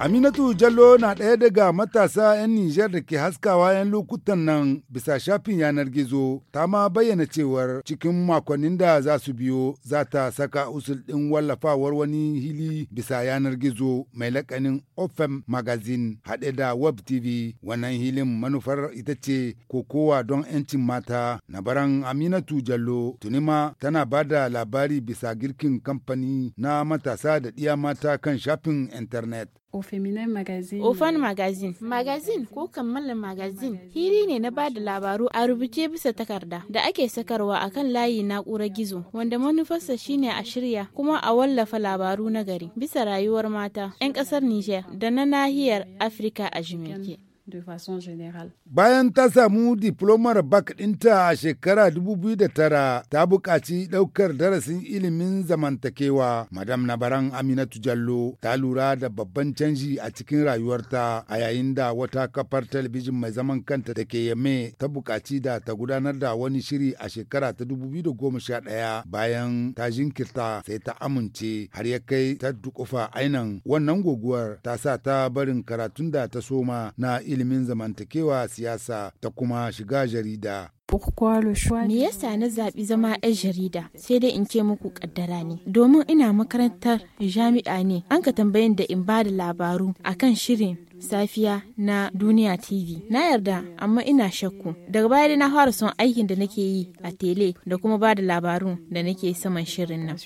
Aminatu Jallo na ɗaya daga matasa 'yan Nijar da ke haskawa 'yan lokutan nan bisa shafin yanar gizo, ta ma bayyana cewar cikin makonnin da za su biyo za ta saka usul ɗin wallafawar wani hili bisa yanar gizo mai lakanin Ofem Magazine haɗe da Web TV. Wannan hilin manufar ita ce kokowa don 'yancin mata na baran Aminatu Jallo tunima tana ba da labari bisa girkin kamfani na matasa da ɗiya mata kan shafin intanet. Au Magazine. Ofan Magazine. Magazine ko kammalin magazine hiri ne na bada labaru a rubuce bisa takarda da ake sakarwa akan layi layi na'urar gizo wanda manufarsa shine a shirya kuma a wallafa labaru na gari bisa rayuwar mata 'yan kasar nijar. da na nahiyar Afirka a jimeke de façon générale. Bayan ta samu diplomar BAC ɗinta a shekara 2009 ta buƙaci ɗaukar darasin ilimin zamantakewa. Madam Nabaran Aminatu Jallo ta lura da babban canji a cikin rayuwarta a yayin da wata kafar talabijin mai zaman kanta da ke yame ta bukaci da ta gudanar da wani shiri a shekara ta 2011 bayan ta jinkirta sai ta amince har ya kai ta dukufa ainan wannan guguwar ta sa ta barin karatun da ta soma na ilimin ilimin zamantakewa siyasa ta kuma shiga jarida Me yasa na zaɓi zama 'yan jarida sai dai in ce muku kaddara ne. Domin ina makarantar jami'a ne, an ka tambayin da in ba da labaru akan shirin safiya na duniya tv na yarda amma ina shakku daga baya na fara son aikin da nake yi a tele da kuma ba da labarun da nake saman shirin nan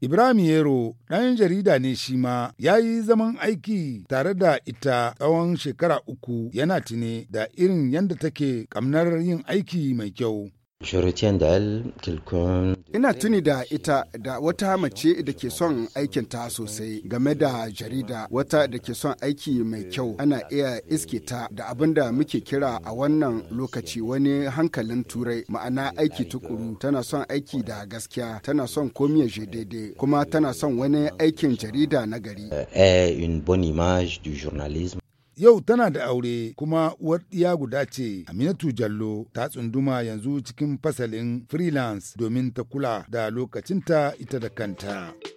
ibrahim yero ɗan jarida ne shi ma ya yi zaman aiki tare da ita tsawon shekara uku yana tine da irin yadda take kamnar yin aiki mai kyau. Ina tuni da ita da wata mace da ke son aikin ta sosai game da jarida wata da ke son aiki mai kyau ana iya iske ta da abin da muke kira a wannan lokaci wani hankalin turai ma'ana aiki tukuru tana son aiki da gaskiya tana son komi ya daidai kuma tana son wani aikin jarida na gari. Eh, eh, Yau tana da aure kuma uwar ɗiya guda ce, Aminatu Jallo ta tsunduma yanzu cikin fasalin freelance domin ta kula da lokacinta ita da kanta.